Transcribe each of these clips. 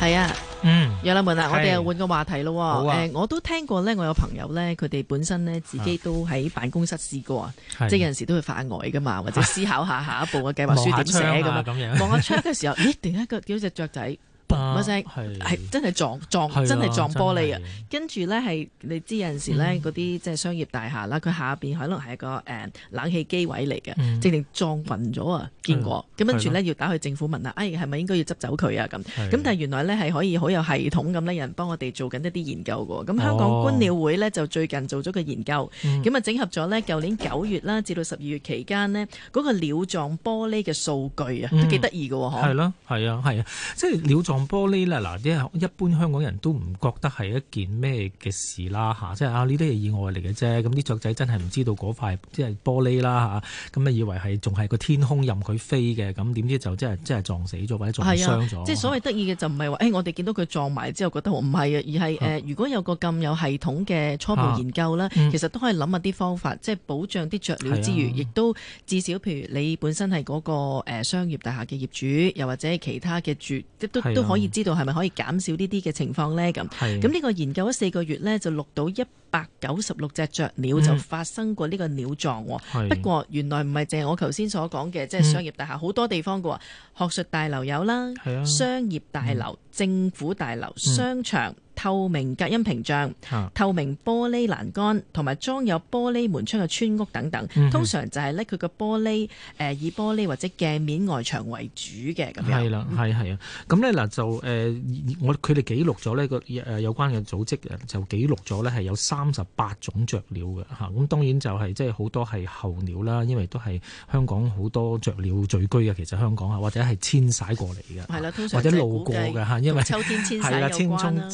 係啊，嗯葉頌文啊，我哋又換個話題咯。誒、啊呃，我都聽過咧，我有朋友咧，佢哋本身咧自己都喺辦公室試過，啊、即係有陣時都會發呆噶嘛，或者思考一下下一步嘅計劃書點寫咁樣啊。望下窗嘅、啊、時候， 咦，點解一個幾隻雀仔。聲係真係撞，撞真係撞玻璃啊！跟住咧，係你知有陣時咧，嗰啲即係商業大廈啦，佢，嗯，下邊可能係一個誒、呃，冷氣機位嚟嘅，嗯，直情撞暈咗啊！見過咁，跟住咧，要打去政府問啦，哎係咪應該要執走佢啊？咁，咁但係原來咧，係可以好有系統咁咧，有人幫我哋做緊一啲研究嘅。咁，哦，香港觀鳥會咧就最近做咗個研究，咁，嗯，啊，整合咗咧舊年九月啦至到十二月期間呢，嗰、嗰個鳥撞玻璃嘅數據啊，都幾得意㗎嗬。係、嗯，咯。係啊，係啊，即係鳥撞。玻璃啦，嗱即一般香港人都唔覺得係一件咩嘅事啦吓，即係啊呢啲係意外嚟嘅啫，咁啲雀仔真係唔知道嗰塊即係、就是、玻璃啦吓，咁、啊、咪以為係仲係個天空任佢飛嘅，咁、啊、點知就即係即係撞死咗或者撞傷咗、啊。即係所謂得意嘅就唔係話，誒、哎、我哋見到佢撞埋之後覺得唔係啊，而係誒、啊、如果有個咁有系統嘅初步研究啦、啊嗯，其實都可以諗下啲方法，即係保障啲雀鳥之餘，亦、啊、都至少譬如你本身係嗰個商業大廈嘅業主，又或者係其他嘅住，都都。可以知道係咪可以減少呢啲嘅情況呢？咁咁呢個研究咗四個月呢，就錄到一百九十六隻雀鳥就發生過呢個鳥撞、哦嗯。不過原來唔係淨係我頭先所講嘅，即、就、係、係、商業大廈好、嗯、多地方嘅喎，學術大樓有啦、嗯，商業大樓、嗯、政府大樓、嗯、商場。透明隔音屏障、透明玻璃欄杆同埋裝有玻璃門窗嘅村屋等等，通常就係咧佢個玻璃誒以玻璃或者鏡面外牆為主嘅咁樣係啦，係係啊，咁咧嗱就誒我佢哋記錄咗咧個誒有關嘅組織就記錄咗咧係有三十八種雀鳥嘅吓，咁當然就係即係好多係候鳥啦，因為都係香港好多雀鳥聚居嘅，其實香港啊，或者係遷徙過嚟嘅。係啦，通常是或者路過嘅吓，因為秋天遷徙有關啦。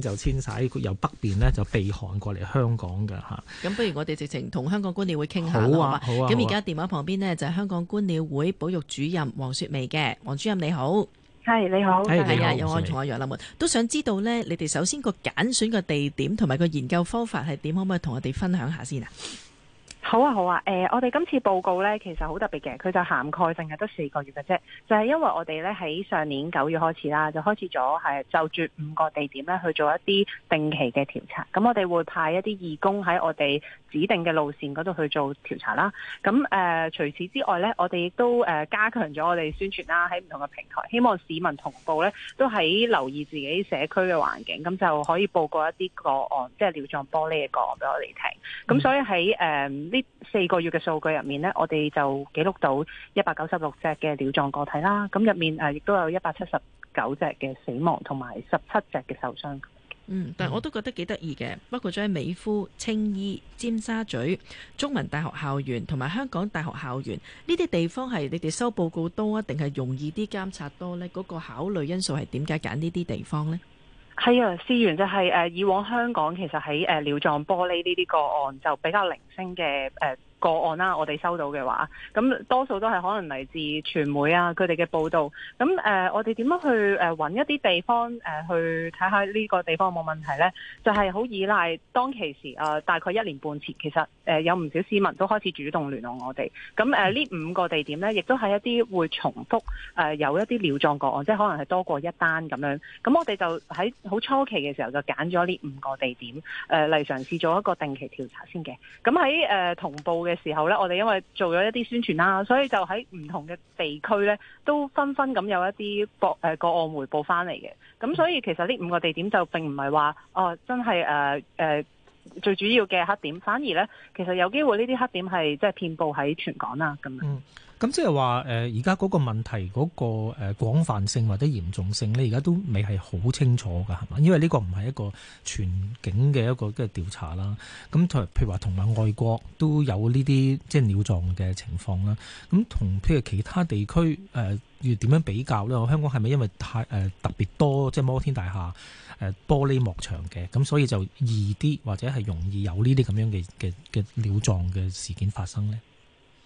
就遷徙由北邊呢，就避寒過嚟香港嘅嚇。咁不如我哋直情同香港觀鳥會傾下好啊，咁而家電話旁邊呢，就係香港觀鳥會保育主任黃雪媚嘅。黃主任你好，係、hey, 你好，係、hey, 你，你好。有我同阿葉頌文都想知道呢，你哋首先個揀選嘅地點同埋個研究方法係點，可唔可以同我哋分享下先啊？好啊，好啊，誒、呃，我哋今次報告呢，其實好特別嘅，佢就涵蓋淨係得四個月嘅啫，就係、是、因為我哋呢，喺上年九月開始啦，就開始咗係就住五個地點呢去做一啲定期嘅調查。咁我哋會派一啲義工喺我哋指定嘅路線嗰度去做調查啦。咁誒、呃，除此之外呢，我哋亦都誒、呃、加強咗我哋宣傳啦，喺唔同嘅平台，希望市民同步呢，都喺留意自己社區嘅環境，咁就可以報告一啲個案，即係鳥撞玻璃嘅個案俾我哋聽。咁所以喺誒、呃呢四個月嘅數據入面呢，我哋就記錄到一百九十六隻嘅鳥撞個體啦。咁入面誒，亦都有一百七十九隻嘅死亡，同埋十七隻嘅受傷。嗯，但係我都覺得幾得意嘅，包括咗美孚、青衣、尖沙咀、中文大學校園同埋香港大學校園呢啲地方係你哋收報告多定係容易啲監察多呢？嗰個考慮因素係點解揀呢啲地方呢？係啊，事源就係、是、誒、啊，以往香港其實喺誒、鳥、啊、撞玻璃呢啲個案就比較零星嘅誒。啊個案啦、啊，我哋收到嘅話，咁多數都係可能嚟自傳媒啊，佢哋嘅報道。咁誒、呃，我哋點樣去誒揾、呃、一啲地方誒、呃、去睇下呢個地方有冇問題呢？就係、是、好依賴當其時啊、呃，大概一年半前，其實誒、呃、有唔少市民都開始主動聯絡我哋。咁誒，呢、呃、五個地點呢，亦都係一啲會重複誒、呃，有一啲鳥撞個案，即係可能係多過一單咁樣。咁我哋就喺好初期嘅時候就揀咗呢五個地點誒嚟、呃、嘗試做一個定期調查先嘅。咁喺、呃、同步嘅。時候咧，我哋因為做咗一啲宣傳啦，所以就喺唔同嘅地區咧，都紛紛咁有一啲個誒個案回報翻嚟嘅。咁所以其實呢五個地點就並唔係話哦，真係誒誒。呃最主要嘅黑點，反而咧，其實有機會呢啲黑點係即係遍布喺全港啦。咁樣，咁即係話誒，而家嗰個問題嗰個誒廣泛性或者嚴重性咧，而家都未係好清楚㗎，係嘛？因為呢個唔係一個全景嘅一個嘅調查啦。咁譬如話同埋外國都有呢啲即係鳥狀嘅情況啦。咁同譬如其他地區誒要點樣比較咧？香港係咪因為太誒特別多即係摩天大廈？誒玻璃幕牆嘅，咁所以就易啲或者係容易有呢啲咁樣嘅嘅嘅鳥撞嘅事件發生咧。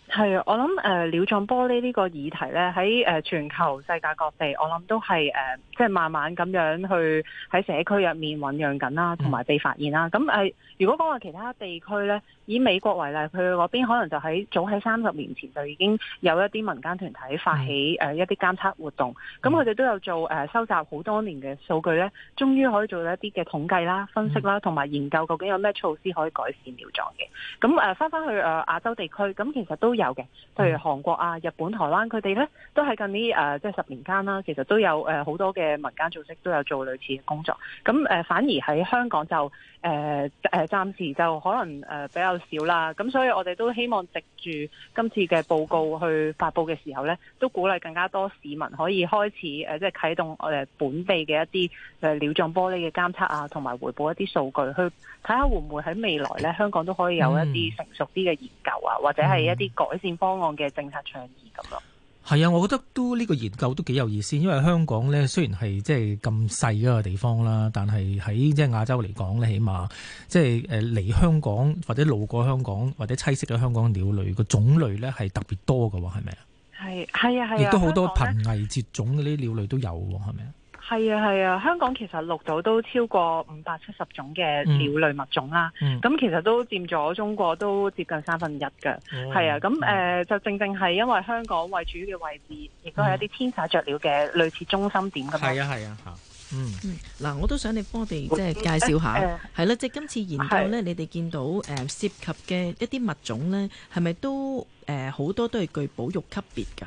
係啊，我諗誒、呃，鳥撞玻璃呢個議題呢，喺誒、呃、全球世界各地，我諗都係誒、呃，即係慢慢咁樣去喺社區入面醞釀緊啦，同埋被發現啦。咁、嗯、誒、呃，如果講話其他地區呢，以美國為例，佢嗰邊可能就喺早喺三十年前就已經有一啲民間團體發起誒、嗯呃、一啲監測活動，咁佢哋都有做誒、呃、收集好多年嘅數據呢，終於可以做一啲嘅統計啦、分析啦，同、嗯、埋研究究竟有咩措施可以改善鳥撞嘅。咁誒，翻翻去誒亞洲地區，咁其實都。有嘅，譬如韓國啊、日本、台灣，佢哋咧都喺近年誒，即、呃、係十年間啦，其實都有誒好、呃、多嘅民間組織都有做類似嘅工作，咁誒、呃、反而喺香港就。誒、呃、誒，暫時就可能誒、呃、比較少啦，咁所以我哋都希望藉住今次嘅報告去發佈嘅時候呢都鼓勵更加多市民可以開始誒、呃、即係啟動我哋本地嘅一啲誒鳥撞玻璃嘅監測啊，同埋回報一啲數據，去睇下會唔會喺未來呢香港都可以有一啲成熟啲嘅研究啊，或者係一啲改善方案嘅政策倡議咁咯。係啊，我覺得都呢個研究都幾有意思，因為香港咧雖然係即係咁細一個地方啦，但係喺即係亞洲嚟講咧，起碼即係誒嚟香港或者路過香港或者棲息咗香港鳥類個種類咧係特別多嘅喎，係咪啊？係，係啊係啊，亦都好多瀕危絕種嗰啲鳥類都有喎，係咪啊？係啊係啊，香港其實錄到都超過五百七十種嘅鳥類物種啦。咁、嗯嗯、其實都佔咗中國都接近三分一嘅。係、嗯、啊，咁誒、嗯呃、就正正係因為香港為主嘅位置，亦都係一啲遷徙雀鳥嘅類似中心點㗎嘛。係啊係啊嚇。嗯，嗱、啊啊啊嗯嗯，我都想你幫我哋即係介紹一下，係、嗯、啦，即係、啊啊就是、今次研究咧、啊，你哋見到誒、呃、涉及嘅一啲物種咧，係咪都誒好、呃、多都係具保育級別㗎？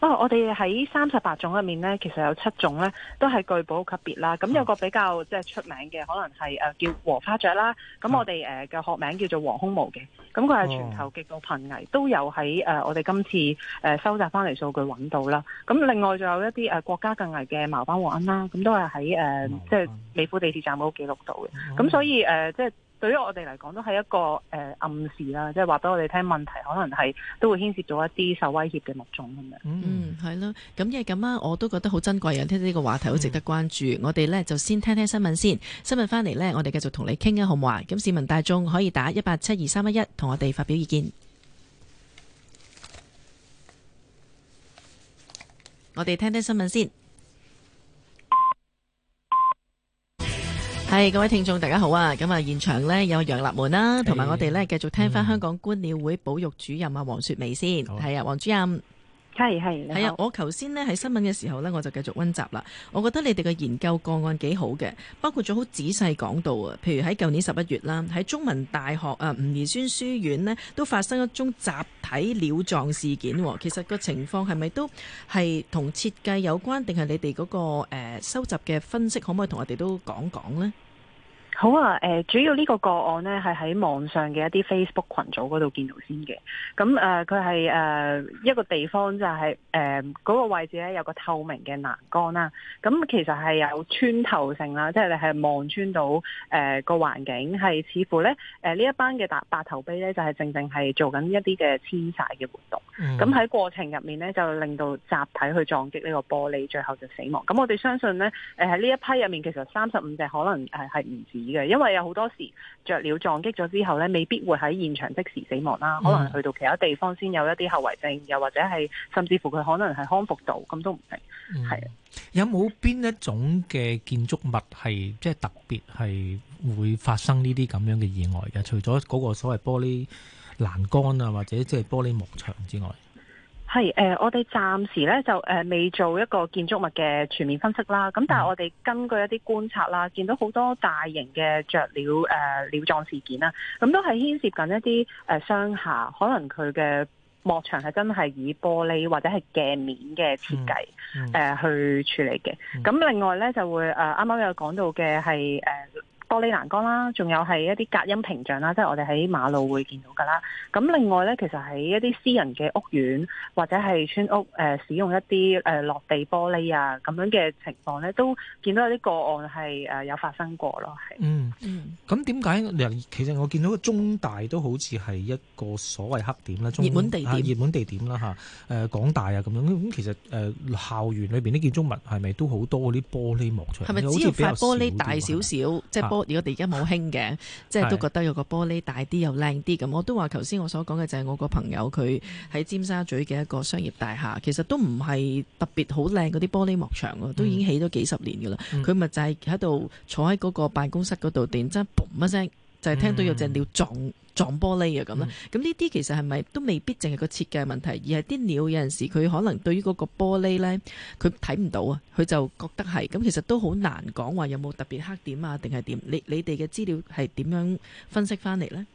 哦，我哋喺三十八種入面咧，其實有七種咧都係具保育級別啦。咁有個比較即係出名嘅，可能係、呃、叫禾花雀啦。咁我哋嘅學名叫做黃胸鵐嘅。咁佢係全球極度瀕危，都有喺誒、呃、我哋今次誒、呃、收集翻嚟數據揾到啦。咁另外仲有一啲誒、呃、國家近危嘅矛斑蝗鶯啦，咁都係喺誒即係美孚地鐵站嗰度記錄到嘅。咁所以誒、呃、即係。對於我哋嚟講，都係一個誒、呃、暗示啦，即係話俾我哋聽，問題可能係都會牽涉到一啲受威脅嘅物種咁樣。嗯，係、嗯、咯。咁嘅咁啊，我都覺得好珍貴啊！聽、這、呢個話題好值得關注。嗯、我哋呢就先聽聽新聞先，新聞翻嚟呢，我哋繼續同你傾啊，好唔好啊？咁市民大眾可以打一八七二三一一同我哋發表意見。我哋聽聽新聞先。係各位聽眾，大家好啊！咁啊，現場咧有楊立門啦，同埋我哋咧繼續聽翻香港觀鳥會保育主任啊黃雪媚、嗯、先。係啊，黃主任。係係，係啊！我頭先呢喺新聞嘅時候呢，我就繼續溫習啦。我覺得你哋嘅研究個案幾好嘅，包括咗好仔細講到啊。譬如喺舊年十一月啦，喺中文大學啊吳彌孫書院呢，都發生了一宗集體鳥撞事件。其實個情況係咪都係同設計有關，定係你哋嗰、嗰個、呃、收集嘅分析，可唔可以同我哋都講講呢？好啊，呃、主要呢個個案呢，係喺網上嘅一啲 Facebook 群組嗰度見到先嘅。咁、嗯、誒，佢係誒一個地方就係誒嗰個位置呢，有個透明嘅欄杆啦。咁、啊、其實係有穿透性啦，即係你係望穿到誒個、呃、環境係似乎呢誒呢、呃、一班嘅大白頭鵯呢，就係、是、正正係做緊一啲嘅遷徙嘅活動。咁、嗯、喺過程入面呢，就令到集體去撞擊呢個玻璃，最後就死亡。咁我哋相信呢，喺、呃、呢一批入面，其實三十五隻可能係係唔止。因為有好多時雀鳥撞擊咗之後咧，未必會喺現場即時死亡啦，可能去到其他地方先有一啲後遺症，又或者係甚至乎佢可能係康復到，咁都唔定。係啊、嗯，有冇邊一種嘅建築物係即係特別係會發生呢啲咁樣嘅意外嘅？除咗嗰個所謂玻璃欄杆啊，或者即係玻璃幕牆之外？係誒、呃，我哋暫時咧就誒未、呃、做一個建築物嘅全面分析啦。咁但係我哋根據一啲觀察啦，見到好多大型嘅雀鳥誒鳥狀事件啦，咁、嗯、都係牽涉緊一啲誒商廈，可能佢嘅幕牆係真係以玻璃或者係鏡面嘅設計誒去處理嘅。咁、嗯、另外咧就會誒啱啱有講到嘅係誒。呃玻璃欄杆啦，仲有係一啲隔音屏障啦，即係我哋喺馬路會見到噶啦。咁另外咧，其實喺一啲私人嘅屋苑或者係村屋誒，使用一啲誒落地玻璃啊咁樣嘅情況咧，都見到有啲個案係誒有發生過咯。係嗯嗯，咁點解？其實我見到個中大都好似係一個所謂黑點啦，熱門地點、熱門地點啦嚇。誒港大啊咁樣咁，其實誒校園裏邊啲建築物係咪都好多嗰啲玻璃幕牆出嚟？係咪只要塊玻璃大少少即係？如果我哋而家冇興嘅，即係都覺得有個玻璃大啲又靚啲咁，我都話頭先我所講嘅就係我個朋友佢喺尖沙咀嘅一個商業大廈，其實都唔係特別好靚嗰啲玻璃幕牆咯，都已經起咗幾十年噶啦，佢、嗯、咪就係喺度坐喺嗰個辦公室嗰度，突然之間嘣一聲，就係、是、聽到有隻鳥撞。嗯撞玻璃啊，咁啦，咁呢啲其實係咪都未必淨係個設計問題，而係啲鳥有陣時佢可能對於嗰個玻璃呢，佢睇唔到啊，佢就覺得係咁，其實都好難講話有冇特別黑點啊，定係點？你你哋嘅資料係點樣分析翻嚟呢？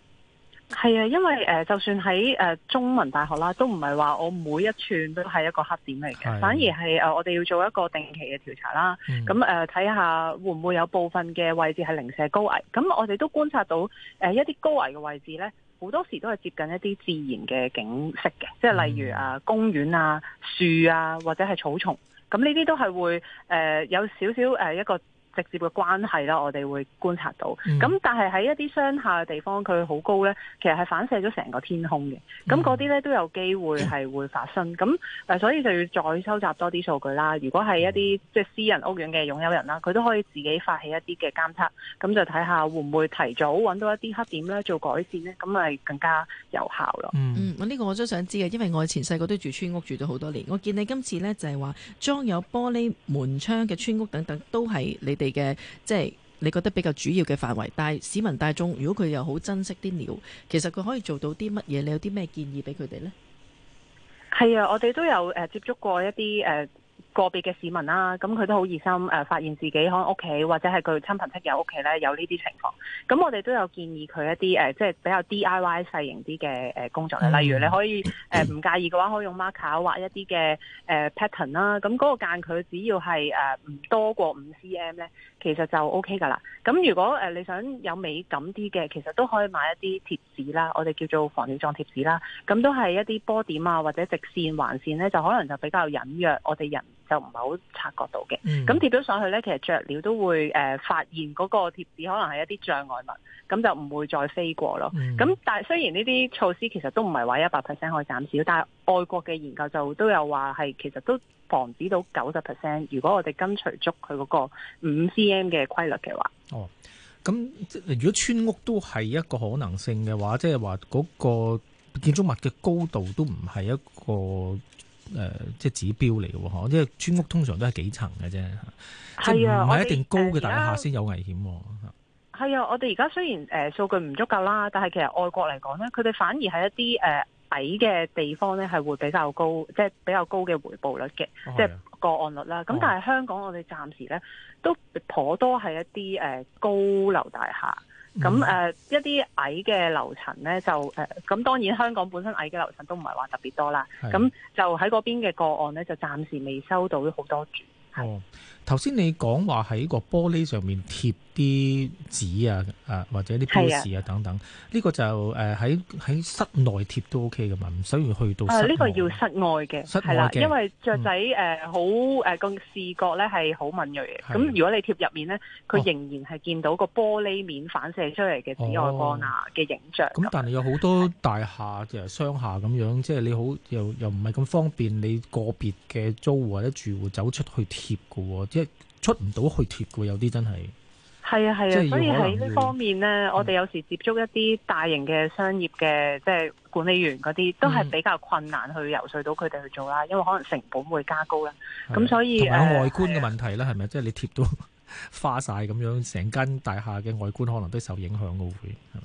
係啊，因為誒、呃，就算喺誒、呃、中文大學啦，都唔係話我每一吋都係一個黑點嚟嘅，反而係誒、呃、我哋要做一個定期嘅調查啦。咁誒睇下會唔會有部分嘅位置係零舍高危。咁我哋都觀察到誒、呃、一啲高危嘅位置呢，好多時都係接近一啲自然嘅景色嘅，即係例如啊公園啊樹啊或者係草叢。咁呢啲都係會誒、呃、有少少誒、呃、一個。直接嘅關係啦，我哋會觀察到。咁、嗯、但係喺一啲商廈嘅地方，佢好高呢，其實係反射咗成個天空嘅。咁嗰啲呢都有機會係會發生。咁、嗯、誒，所以就要再收集多啲數據啦。如果係一啲、嗯、即係私人屋苑嘅擁有人啦，佢都可以自己發起一啲嘅監測，咁就睇下會唔會提早揾到一啲黑點咧做改善呢？咁咪更加有效咯。嗯，我呢個我都想知嘅，因為我以前細個都住村屋住咗好多年，我見你今次呢，就係話裝有玻璃門窗嘅村屋等等都係你哋哋嘅即係你覺得比較主要嘅範圍，但係市民大眾如果佢又好珍惜啲鳥，其實佢可以做到啲乜嘢？你有啲咩建議俾佢哋咧？係啊，我哋都有誒、呃、接觸過一啲誒。呃個別嘅市民啦，咁佢都好熱心，誒、呃、發現自己可能屋企或者係佢親朋戚友屋企咧有呢啲情況，咁我哋都有建議佢一啲，即係比較 DIY 細型啲嘅工作。例如你可以、呃、唔介意嘅話，可以用 marker 畫一啲嘅、呃、pattern 啦，咁嗰個間距只要係誒唔多過五 cm 咧。其實就 OK 㗎啦。咁如果誒、呃、你想有美感啲嘅，其實都可以買一啲貼紙啦，我哋叫做防鳥撞貼紙啦。咁都係一啲波點啊，或者直線、橫線咧，就可能就比較隱約，我哋人就唔係好察覺到嘅。咁、嗯、貼咗上去咧，其實雀鳥都會誒、呃、發現嗰個貼紙，可能係一啲障礙物，咁就唔會再飛過咯。咁、嗯、但係雖然呢啲措施其實都唔係話一百 percent 可以減少，但外國嘅研究就都有話係，其實都防止到九十 percent。如果我哋跟隨足佢嗰個五 cm 嘅規律嘅話，哦，咁如果村屋都係一個可能性嘅話，即係話嗰個建築物嘅高度都唔係一個誒，即、呃、係指標嚟嘅，嗬。因為村屋通常都係幾層嘅啫，係啊，唔係一定高嘅大廈先有危險，啊。係、呃、啊，我哋而家雖然誒數、呃、據唔足夠啦，但係其實外國嚟講咧，佢哋反而係一啲誒。呃矮嘅地方咧，係會比較高，即、就、係、是、比較高嘅回報率嘅，即、oh、係個案率啦。咁、oh、但係香港我們暫，我哋暫時咧都頗多係一啲誒高樓大廈。咁誒一啲矮嘅樓層咧，就誒咁當然香港本身矮嘅樓層都唔係話特別多啦。咁、oh、就喺嗰邊嘅個案咧，就暫時未收到好多住。哦，頭先你講話喺個玻璃上面貼啲紙啊，啊或者啲標示啊等等，呢、這個就誒喺喺室內貼都 OK 嘅嘛，唔需要去到室呢、呃這個要室外嘅，係啦，因為雀仔誒、嗯呃、好誒個、呃、視覺咧係好敏銳嘅。咁如果你貼入面咧，佢仍然係見到個玻璃面反射出嚟嘅紫外光啊嘅影像。咁、哦、但係有好多大廈就係商廈咁樣，即係你好又又唔係咁方便，你個別嘅租戶或者住戶走出去貼。貼嘅，即係出唔到去貼嘅，有啲真係係啊係啊，所以喺呢方面咧、嗯，我哋有時接觸一啲大型嘅商業嘅，即係管理員嗰啲，都係比較困難去游說到佢哋去做啦、嗯，因為可能成本會加高啦。咁、啊、所以同埋外觀嘅問題咧，係咪、啊？即係、啊、你貼都花晒咁樣，成間大廈嘅外觀可能都受影響嘅會係。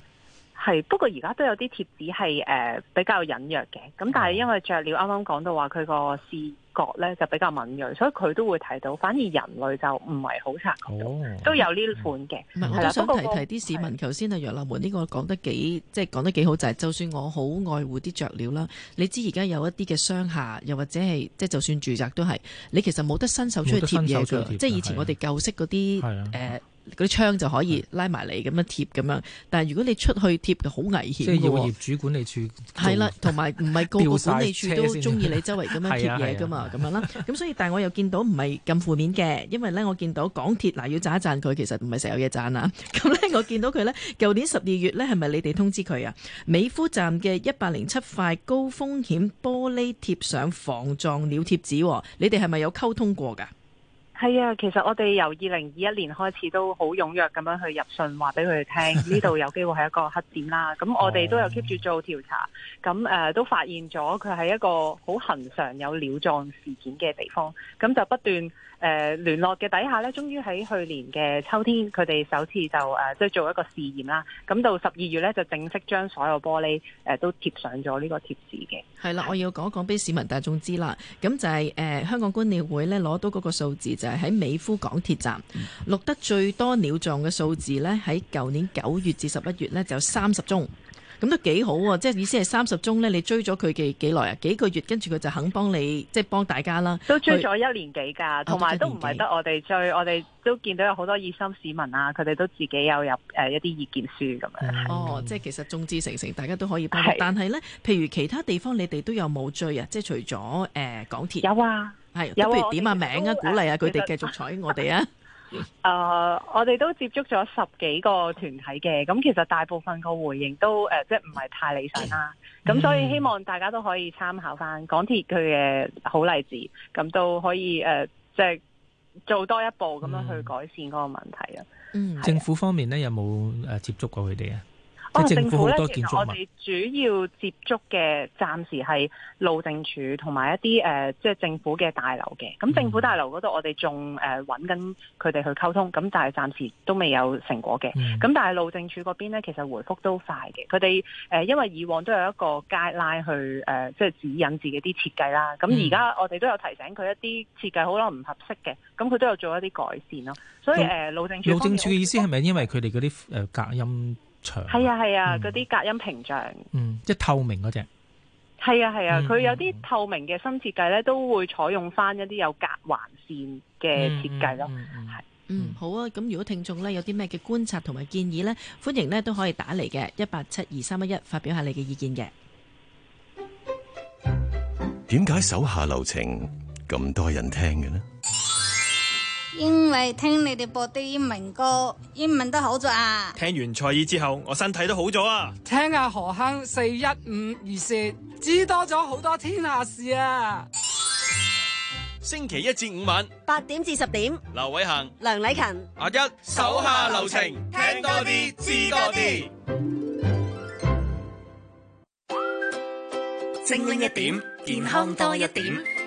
係不過而家都有啲貼紙係誒比較隱約嘅，咁但係因為着料啱啱講到話佢個事。咧就比較敏鋭，所以佢都會提到。反而人類就唔係好察覺，都有呢款嘅。唔、嗯、係，我都想提提啲市民。頭先啊，楊立梅呢個講得幾，即、嗯、係、就是、講得幾好，就係、是、就算我好愛護啲雀鳥啦。你知而家有一啲嘅商廈，又或者係即係就算住宅都係，你其實冇得伸手出去貼嘢嘅。即係以前我哋舊式嗰啲誒。嗰啲窗就可以拉埋嚟咁樣貼咁樣，但係如果你出去貼就好危險。即係要業主管理處。係啦，同埋唔係個個管理處都中意你周圍咁樣貼嘢噶嘛，咁、 啊啊、樣啦。咁所以，但係我又見到唔係咁負面嘅，因為咧我見到港鐵嗱 要贊一贊佢，其實唔係成日有嘢贊啊。咁咧我見到佢咧，舊 年十二月咧係咪你哋通知佢啊？美孚站嘅一百零七塊高風險玻璃貼上防撞鳥貼紙，你哋係咪有溝通過㗎？係啊，其實我哋由二零二一年開始都好踴躍咁樣去入信，話俾佢哋聽呢度有機會係一個黑點啦。咁我哋都有 keep 住做調查，咁、哦、誒都發現咗佢係一個好恆常有鳥撞事件嘅地方。咁就不斷誒聯絡嘅底下呢，終於喺去年嘅秋天，佢哋首次就誒即係做一個試驗啦。咁到十二月呢，就正式將所有玻璃誒都貼上咗呢個貼紙嘅。係啦，我要講一講俾市民大眾知啦。咁就係、是、誒、呃、香港觀鳥會呢，攞到嗰個數字就。喺美孚港鐵站錄得最多鳥撞嘅數字呢，喺舊年九月至十一月呢，就有三十宗，咁都幾好。啊，即係意思係三十宗呢，你追咗佢幾幾耐啊？幾個月，跟住佢就肯幫你，即係幫大家啦。都追咗一年幾噶，同埋都唔係得我哋追，我哋都見到有好多熱心市民啊，佢哋都自己有入誒、一啲意見書咁樣。Mm-hmm. 哦，即係其實眾志成城，大家都可以幫。但係呢，譬如其他地方，你哋都有冇追啊？即係除咗誒、呃，港鐵有啊。係、啊，有如點啊名啊、呃，鼓勵下佢哋繼續采我哋啊。誒、呃，我哋都接觸咗十幾個團體嘅，咁其實大部分個回應都誒、呃，即係唔係太理想啦。咁所以希望大家都可以參考翻港鐵佢嘅好例子，咁都可以誒、呃，即係做多一步咁樣去改善嗰個問題啊。嗯，嗯，政府方面咧有冇誒接觸過佢哋啊？我、哦、政府咧，其實我哋主要接觸嘅暫時係路政署同埋一啲誒，即、呃、係政府嘅大樓嘅。咁、嗯、政府大樓嗰度，我哋仲誒揾緊佢哋去溝通，咁但係暫時都未有成果嘅。咁、嗯、但係路政署嗰邊咧，其實回覆都快嘅。佢哋誒，因為以往都有一個 guideline 去誒，即係指引自己啲設計啦。咁而家我哋都有提醒佢一啲設計好多唔合適嘅，咁佢都有做一啲改善咯。所以誒、呃，路政路政署嘅意思係咪因為佢哋嗰啲誒隔音？長係啊，係啊，嗰啲，啊啊，隔音屏障、嗯，嗯，即係透明嗰隻，係啊係啊，佢，啊嗯，有啲透明嘅新設計呢，都會採用翻一啲有隔環線嘅設計咯，係，嗯嗯，嗯，好啊，咁如果聽眾呢有啲咩嘅觀察同埋建議呢，歡迎呢都可以打嚟嘅一八七二三一一發表一下你嘅意見嘅，點解手下留情咁多人聽嘅呢？因為聽你哋播啲英文歌，英文都好咗啊！聽完賽爾之後，我身體都好咗啊！聽下何坑四一五預說，知多咗好多天下事啊！星期一至五晚八點至十點，劉偉恒、梁禮勤、阿一手下留情，聽多啲，知多啲，精靈一點，健康多一點。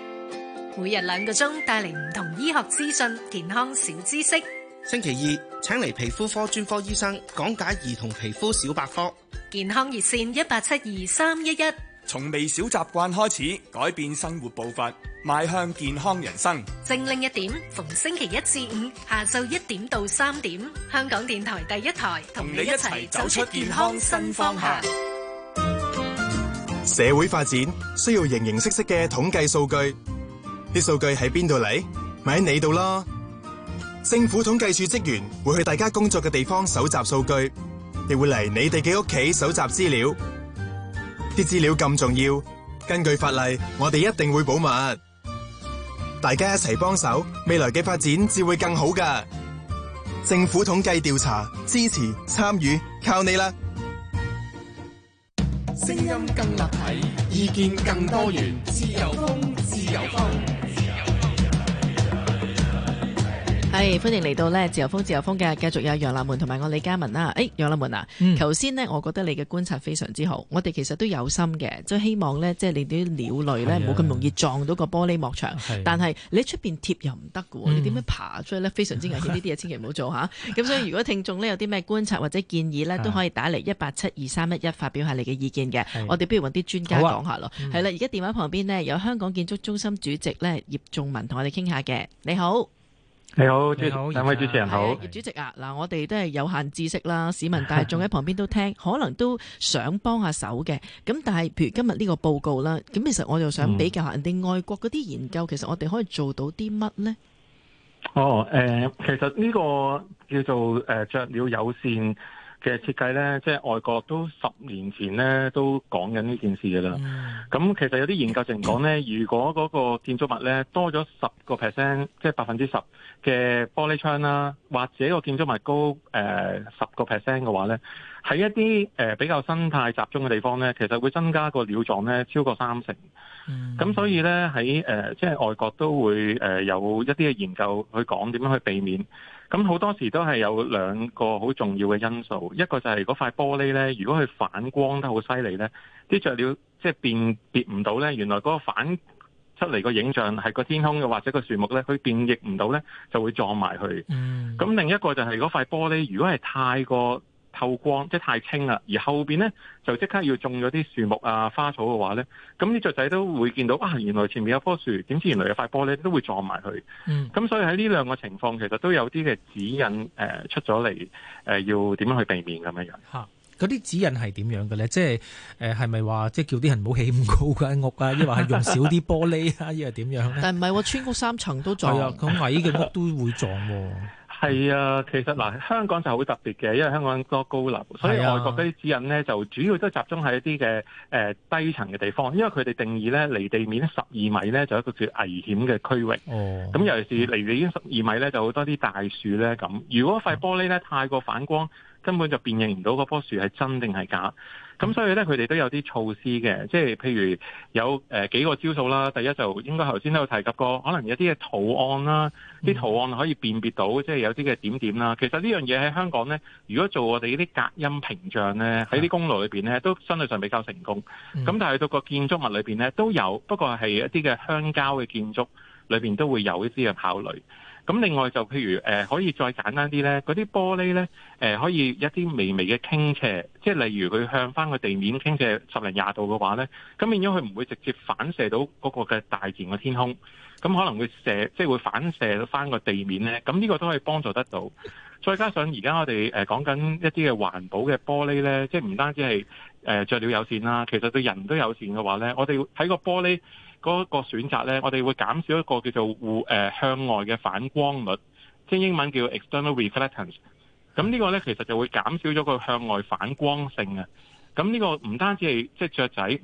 每日兩個鐘帶嚟唔同醫學資訊、健康小知識。星期二請嚟皮膚科專科醫生講解兒童皮膚小百科。健康熱線一八七二三一一。從微小習慣開始，改變生活步伐，邁向健康人生。精靈一點，逢星期一至五下晝一點到三點，香港電台第一台同你一齊走出健康新方向。社會發展需要形形色色嘅統計數據。啲數據喺邊度嚟？咪喺你度咯。政府統計處職員會去大家工作嘅地方搜集數據，亦會嚟你哋嘅屋企搜集資料。啲資料咁重要，根據法例，我哋一定會保密。大家一齊幫手，未來嘅發展至會更好噶。政府統計調查，支持參與，靠你啦！聲音更立體，意見更多元，自由風，自由風。係、hey，歡迎嚟到咧自由風，自由風嘅，繼續有楊立門同埋我李嘉文啦。誒，楊立門，啊，頭先咧，我覺得你嘅觀察非常之好。我哋其實都有心嘅，即係希望咧，即係你啲鳥類咧，唔好咁容易撞到個玻璃幕牆。但係你喺出邊貼又唔得嘅，你點樣爬出去咧，非常之危險，呢啲嘢千祈唔好做吓。咁、 啊、所以如果聽眾咧有啲咩觀察或者建議咧，都可以打嚟一八七二三一一發表一下你嘅意見嘅。我哋不如搵啲專家、啊、講下咯。係、嗯、啦，而家電話旁邊咧有香港建築中心主席咧葉、葉頌文同我哋傾下嘅。你好。你好，兩位主持人好，葉主席啊，嗱、啊，我哋都係有限知識啦，市民大眾喺旁邊都聽， 可能都想幫下手嘅，咁但係，譬如今日呢個報告啦，咁其實我就想比較下人哋外國嗰啲研究，嗯，其實我哋可以做到啲乜呢？哦，誒、呃，其實呢個叫做誒，雀、呃、鳥友善嘅設計呢，即係外國都十年前呢都講緊呢件事㗎喇。咁其實有啲研究成講呢，如果嗰個建築物呢多咗十個 percent，即係百分之十嘅玻璃窗啦，或者個建築物高誒十個 percent 嘅話呢。喺一啲誒比較生態集中嘅地方咧，其實會增加個鳥撞咧超過三成。咁、嗯、所以咧喺誒即係外國都會誒、呃、有一啲嘅研究去講點樣去避免。咁好多時都係有兩個好重要嘅因素，一個就係嗰塊玻璃咧，如果佢反光得好犀利咧，啲雀鳥即係辨別唔到咧，原來嗰個反出嚟個影像係個天空嘅或者個樹木咧，佢辨認唔到咧就會撞埋去。咁、嗯、另一個就係嗰塊玻璃，如果係太過。透光即係太清啦，而後邊咧就即刻要種咗啲樹木啊花草嘅話咧，咁啲雀仔都會見到啊，原來前面有棵樹，點知原來有塊玻璃都會撞埋去。嗯，咁所以喺呢兩個情況，其實都有啲嘅指引誒、呃、出咗嚟誒，要點樣去避免咁樣樣。吓、啊，嗰啲指引係點樣嘅咧？即係誒，係咪話即係叫啲人唔好起咁高嘅屋啊？抑或係用少啲玻璃啊？抑係點樣咧？但係唔係喎，村屋三層都撞係、 啊，咁矮嘅屋都會撞、啊。係啊，其實嗱、啊，香港就好特別嘅，因為香港多高樓，所以外國嗰啲指引咧就主要都集中喺一啲嘅、呃、低層嘅地方，因為佢哋定義咧離地面十二米咧就一個叫危險嘅區域。哦，咁尤其是離地面十二米咧就好多啲大樹咧咁，如果塊玻璃咧太過反光，根本就辨認唔到嗰棵樹係真定係假，咁所以咧佢哋都有啲措施嘅，即係譬如有、呃、幾個招數啦。第一就應該頭先都有提及過，可能有啲嘅圖案啦，啲、嗯、圖案可以辨別到，即係有啲嘅點點啦。其實呢樣嘢喺香港咧，如果做我哋呢啲隔音屏障咧，喺啲公路裏面咧都相對上比較成功。咁但係到個建築物裏面咧都有，不過係一啲嘅鄉郊嘅建築裏面都會有一啲嘅考慮。咁另外就譬如誒可以再簡單啲呢，嗰啲玻璃呢誒可以一啲微微嘅傾斜，即係例如佢向翻個地面傾斜十零廿度嘅話呢，咁變咗佢唔會直接反射到嗰個嘅大自然嘅天空，咁可能會射即係會反射到翻個地面呢，咁、這、呢個都可以幫助得到。再加上而家我哋誒講緊一啲嘅環保嘅玻璃呢，即係唔單止係。誒雀鳥友善啦，其實對人都友善嘅話咧，我哋喺個玻璃嗰個選擇咧，我哋會減少一個叫做、呃、向外嘅反光率，即英文叫 external reflectance。咁呢個咧其實就會減少咗個向外反光性啊。咁呢個唔單止係即係雀仔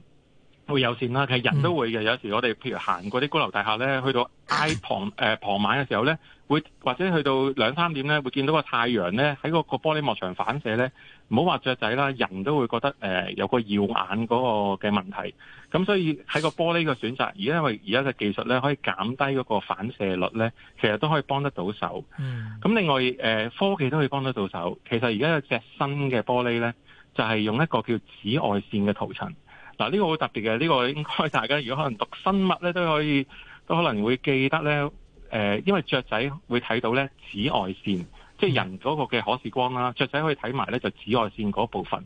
會友善啦，其實人都會嘅。有時候我哋譬如行過啲高樓大廈咧，去到挨傍誒傍晚嘅時候咧，會或者去到兩三點咧，會見到個太陽咧喺嗰個玻璃幕牆反射咧。唔好話雀仔啦，人都會覺得誒、呃、有個耀眼嗰個嘅問題，咁所以喺個玻璃嘅選擇，而家因為而家嘅技術咧，可以減低嗰個反射率咧，其實都可以幫得到手。咁、嗯、另外誒、呃、科技都可以幫得到手。其實而家有隻新嘅玻璃咧，就係、是、用一個叫紫外線嘅塗層。嗱、啊、呢、這個好特別嘅，呢、這個應該大家如果可能讀生物咧都可以都可能會記得咧誒、呃，因為雀仔會睇到咧紫外線。即係人嗰個嘅可視光啦、啊，雀仔可以睇埋咧就紫外線嗰部分。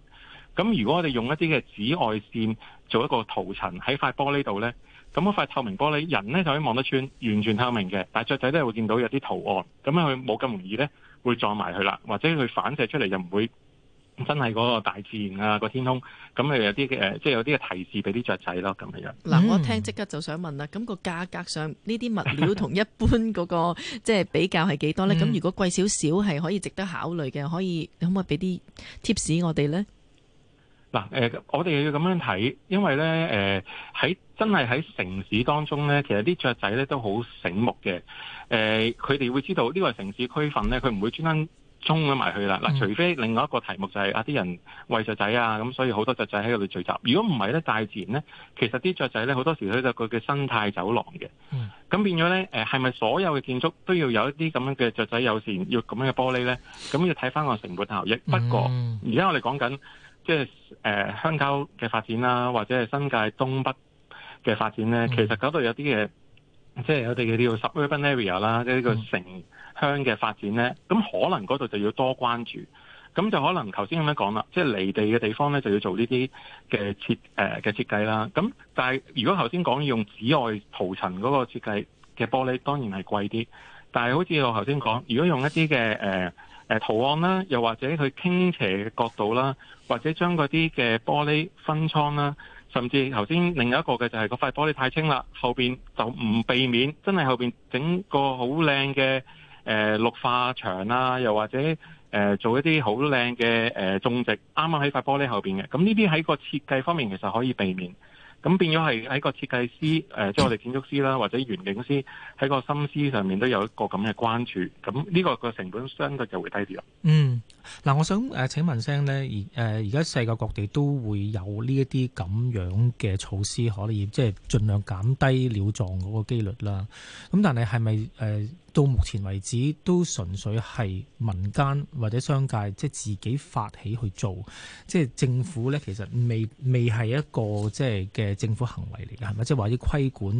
咁如果我哋用一啲嘅紫外線做一個塗層喺塊玻璃度咧，咁嗰塊透明玻璃人咧就可以望得穿，完全透明嘅。但係雀仔呢會會見到有啲圖案，咁佢冇咁容易咧會撞埋佢啦，或者佢反射出嚟又唔會。真係嗰個大自然啊，個天空咁，佢有啲誒，即、呃、係、就是、有啲嘅提示俾啲雀仔咯，咁其實。嗱，我聽即刻就想問啦，咁、那個價格上呢啲物料同一般嗰、那個 即係比較係幾多咧？咁如果貴少少係可以值得考慮嘅，可以可唔可以俾啲 tips 我哋咧？嗱、嗯，誒、嗯呃，我哋要咁樣睇，因為咧，誒、呃，喺真係喺城市當中咧，其實啲雀仔咧都好醒目嘅。誒、呃，佢哋會知道呢個城市區分咧，佢唔會專登。衝咗埋去啦！嗱，除非另外一個題目就係啊啲人餵雀仔啊，咁所以好多雀仔喺嗰度聚集。如果唔係咧，大自然咧，其實啲雀仔咧好多時佢就叫嘅生態走廊嘅。咁變咗咧，誒係咪所有嘅建築都要有一啲咁樣嘅雀仔友善，要咁樣嘅玻璃咧？咁要睇翻個成本效益。不過而家我哋講緊即係誒鄉郊嘅發展啦，或者係新界東北嘅發展咧，其實嗰度有啲嘅。即係我哋嘅叫做 suburban area 啦，即係呢個城鄉嘅發展咧，咁、嗯、可能嗰度就要多關注，咁就可能頭先咁樣講啦，即係離地嘅地方咧就要做呢啲嘅設誒嘅、呃、設計啦。咁但係如果頭先講用紫外塗層嗰個設計嘅玻璃，當然係貴啲。但係好似我頭先講，如果用一啲嘅誒誒圖案啦，又或者佢傾斜嘅角度啦，或者將嗰啲嘅玻璃分倉啦。甚至頭先另一個嘅就係個塊玻璃太清啦，後邊就唔避免真係後邊整個好靚嘅誒綠化牆啊，又或者誒做一啲好靚嘅誒種植，啱啱喺塊玻璃後邊嘅，咁呢啲喺個設計方面其實可以避免。咁變咗係喺個設計師，呃、即將我哋建築師啦，或者園景師喺個心思上面都有一個咁嘅關注，咁呢個個成本相對就會低啲咯。嗯，嗱、呃，我想請、呃、請問聲呢，而、呃、家世界各地都會有呢一啲咁樣嘅措施，可以即係盡量減低鳥撞嗰個機率啦。咁但係係咪誒？呃到目前為止都純粹係民間或者商界即係自己發起去做，即係政府咧其實未未係一個即係嘅政府行為嚟㗎，係咪？即係話要規管，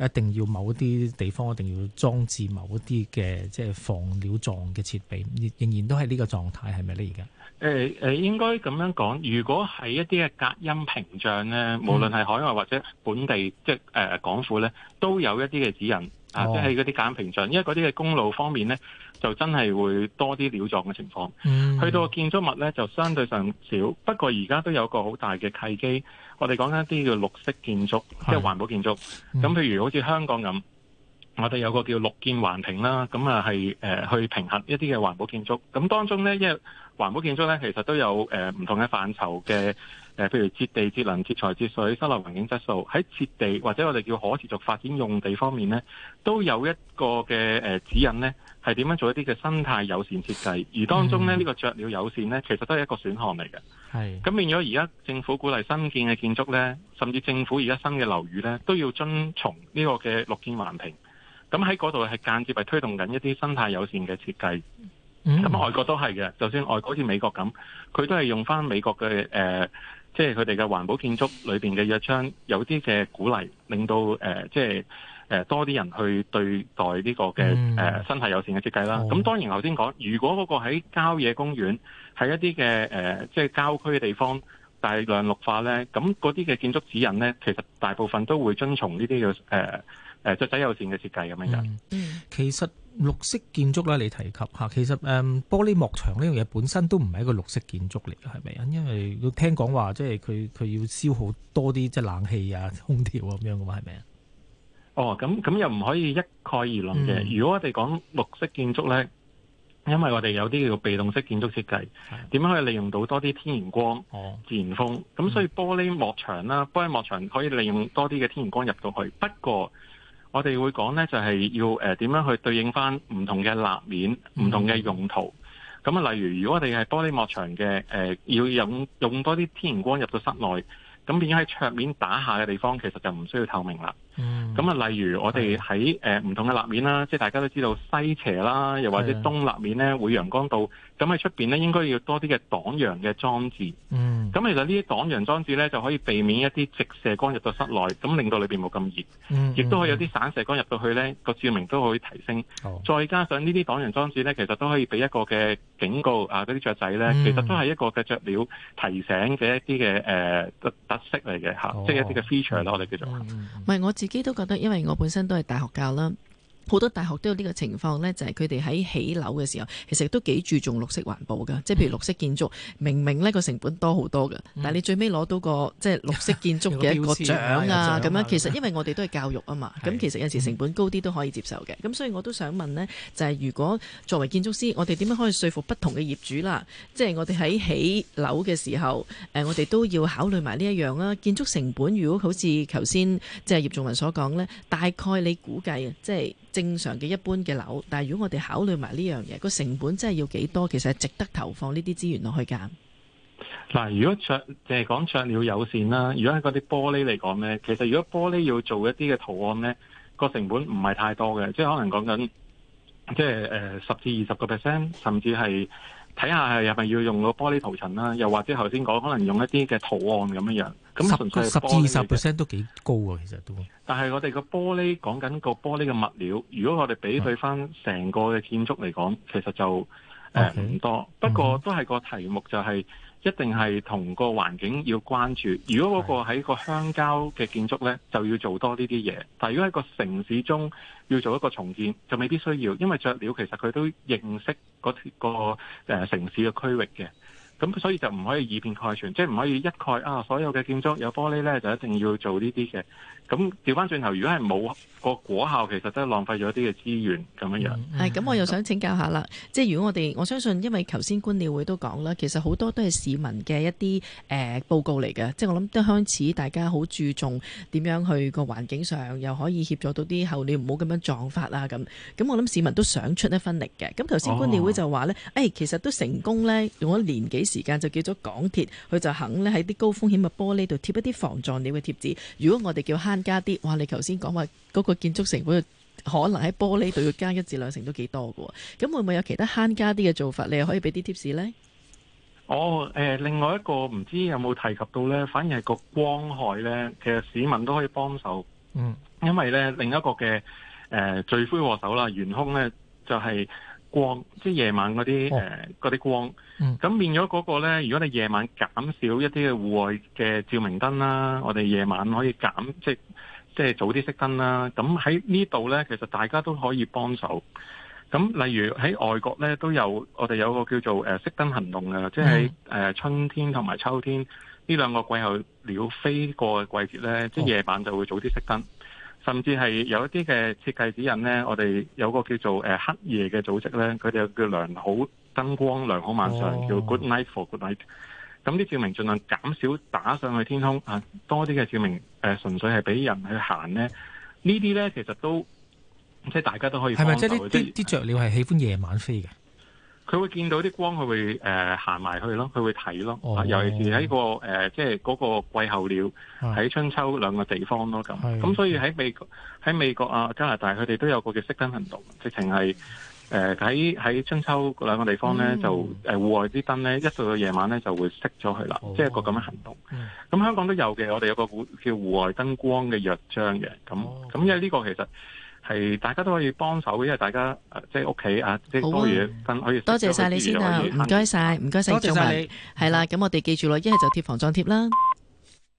一定要某啲地方一定要裝置某一啲嘅即係防鳥撞嘅設備，仍然都係呢個狀態係咪咧？而家誒誒應該咁樣講，如果係一啲嘅隔音屏障咧，無論係海外或者本地，即係誒、呃、港府咧，都有一啲嘅指引。啊！即係嗰啲簡平障，因為嗰啲嘅公路方面呢，就真係會多啲鳥撞嘅情況、嗯。去到建築物呢，就相對上少。不過而家都有個好大嘅契機，我哋講緊一啲叫綠色建築，即、就、係、是、環保建築。咁、嗯、譬如好似香港咁。我哋有個叫綠建環評啦，咁啊係去平衡一啲嘅環保建築。咁當中呢，因為環保建築呢，其實都有誒唔、呃、同嘅範疇嘅誒、呃，譬如節地、節能、節材、節水、收納環境質素。喺節地或者我哋叫可持續發展用地方面呢，都有一個嘅指引呢係點樣做一啲嘅生態友善設計。而當中呢，呢、嗯這個雀鳥友善呢，其實都係一個選項嚟嘅。係。咁變咗而家政府鼓勵新建嘅建築呢，甚至政府而家新嘅樓宇呢，都要遵從呢個嘅綠建環評。咁喺嗰度係間接係推動緊一啲生態友善嘅設計，咁、嗯、外國都係嘅。就算外國好似美國咁，佢都係用翻美國嘅、呃、即係佢哋嘅環保建築裏面嘅約章，有啲嘅鼓勵，令到、呃、即係、呃、多啲人去對待呢個嘅、嗯呃、生態友善嘅設計啦。咁、哦、當然頭先講，如果嗰個喺郊野公園，喺一啲嘅、呃、即係郊區嘅地方大量綠化咧，咁嗰啲嘅建築指引咧，其實大部分都會遵從呢啲嘅誒雀仔有線嘅設計咁樣嘅，其實綠色建築咧，你提及嚇，其實誒玻璃幕牆呢樣嘢本身都唔係一個綠色建築嚟嘅，係咪啊？因為要聽講話即係佢佢要消耗多啲即係冷氣啊、空調啊咁樣嘅嘛，係咪啊？哦，咁咁又唔可以一概而論嘅、嗯。如果我哋講綠色建築咧，因為我哋有啲叫做被動式建築設計，點、嗯、樣可以利用到多啲天然光、哦、自然風？咁所以玻璃幕牆啦、嗯，玻璃幕牆可以利用多啲嘅天然光入到去，不過，我哋會講呢，就係要誒點樣去對應返唔同嘅立面、唔同嘅用途，嗯。咁啊，例如如果我哋係玻璃幕牆嘅誒，要用用多啲天然光入到室內，咁變咗喺桌面打下嘅地方，其實就唔需要透明啦。嗯。咁啊，例如我哋喺誒唔同嘅立面啦，即係大家都知道西斜啦，又或者東立面咧，會陽光到，咁喺出邊咧應該要多啲嘅擋陽嘅裝置。嗯。咁其實呢啲擋陽裝置咧就可以避免一啲直射光入到室內，咁令到裏邊冇咁熱。嗯，嗯，嗯。亦都可以有啲散射光入到去咧，個照明都可以提升。再加上呢啲擋陽裝置咧，其實都可以俾一個嘅警告啊，嗰啲雀仔咧，其實都係一個嘅雀鳥提醒嘅一啲嘅誒特特色嚟嘅吓，即係一啲嘅 feature 咯，我哋叫做。唔、嗯、係、嗯、我自己都覺因為我本身都係大學教啦。好多大學都有呢個情況呢，就係佢哋喺起樓嘅時候，其實都幾注重綠色環保噶。即係譬如綠色建築，明明呢個成本多好多㗎、嗯，但你最尾攞到個即係綠色建築嘅一個獎啊咁、啊啊、樣。其實因為我哋都係教育啊嘛，咁其實有陣時成本高啲都可以接受嘅。咁、嗯、所以我都想問呢，就係、是、如果作為建築師，我哋點樣可以說服不同嘅業主啦？即係我哋喺起樓嘅時候，呃、我哋都要考慮埋呢一樣啦、啊。建築成本如果好似頭先即係葉頌文所講呢，大概你估計啊，即係。正常嘅一般嘅樓，但係如果我哋考慮埋呢樣嘢，個成本真係要幾多？其實係值得投放呢啲資源落去㗎。嗱，如果雀，淨係講雀鳥友善啦，如果喺嗰啲玻璃嚟講咧，其實如果玻璃要做一啲嘅圖案咧，個成本唔係太多嘅，即係可能講緊即係誒十至二十個 percent，甚至係。睇下係係咪要用個玻璃塗層啦，又或者頭先講可能用一啲嘅圖案咁樣，咁十至二十 percent 都幾高喎，其實都。但係我哋個玻璃講緊個玻璃嘅物料，如果我哋比佢翻成個嘅建築嚟講，嗯，其實就誒唔、okay, 多。不過都係個題目就係、是。嗯一定係同個環境要關注。如果嗰個喺個鄉郊嘅建築呢，就要做多呢啲嘢；但係如果喺個城市中要做一個重建，就未必需要，因為雀鳥其實佢都認識嗰、那個、呃、城市嘅區域嘅。咁所以就唔可以以偏概全，即係唔可以一概啊所有嘅建築有玻璃咧就一定要做呢啲嘅。咁調翻轉頭，如果係冇個果效，其實都係浪費咗一啲嘅資源咁樣樣。係、嗯、咁、嗯、我又想請教下啦，即係如果我哋我相信，因為頭先觀鳥會都講啦，其實好多都係市民嘅一啲誒、呃、報告嚟嘅。即係我諗都開始大家好注重點樣去個環境上又可以協助到啲候鳥唔好咁樣撞法啦咁。咁我諗市民都想出一分力嘅。咁頭先觀鳥會就話咧，誒、哦、哎、其實都成功咧，用咗年幾。時間就叫做港鐵，佢就肯咧，喺啲高風險嘅玻璃度貼一啲防撞料嘅貼紙。如果我哋叫慳家啲，哇！你頭先講話嗰個建築成本可能喺玻璃度要加一至兩成都幾多喎。咁會唔會有其他慳家啲嘅做法？你又可以俾啲貼士呢？哦，誒、呃，另外一個唔知有冇提及到呢，反而係個光害呢。其實市民都可以幫手。嗯，因為呢另一個嘅誒、呃、罪魁禍首啦，元兇呢就係、是。光即係夜晚嗰啲誒，嗰啲光，咁變咗嗰個呢。如果你夜晚減少一啲嘅戶外嘅照明燈啦，我哋夜晚可以減，即係即係早啲熄燈啦。咁喺呢度呢，其實大家都可以幫手。咁例如喺外國呢，都有我哋有個叫做誒熄燈行動㗎，即係喺誒春天同埋秋天呢兩個季候鳥飛過嘅季節呢，即係夜晚就會早啲熄燈。甚至係有一啲嘅設計指引咧，我哋有個叫做誒、呃、黑夜嘅組織咧，佢哋有叫良好燈光，良好晚上，哦、叫 Good Light for Good Night。咁啲照明盡量減少打上去天空啊，多啲嘅照明誒純、呃、粹係俾人去行咧。呢啲咧其實都即係大家都可以。係咪即係啲啲雀鳥係喜歡夜晚飛嘅？佢會見到啲光，佢會誒行埋去咯，佢會睇咯、哦。尤其是喺個誒，即係嗰個季候鳥喺春秋兩個地方咯咁。咁所以喺美喺美國啊加拿大，佢哋都有個叫熄燈行動，直情係誒喺喺春秋兩個地方咧、嗯，就誒戶、呃、外啲燈咧，一到到夜晚咧就會熄咗佢啦。即、哦、係、就是、一個咁嘅行動。咁、哦嗯、香港都有嘅，我哋有個叫戶外燈光嘅約章嘅。咁咁、哦、因為呢個其實。係大家都可以幫手，因為大家即係屋企啊，即係多嘢，分可以，分可以啊。多謝晒你先啊，唔該晒，唔該晒。張民。係啦，咁我哋記住咯，一係就貼防撞貼啦。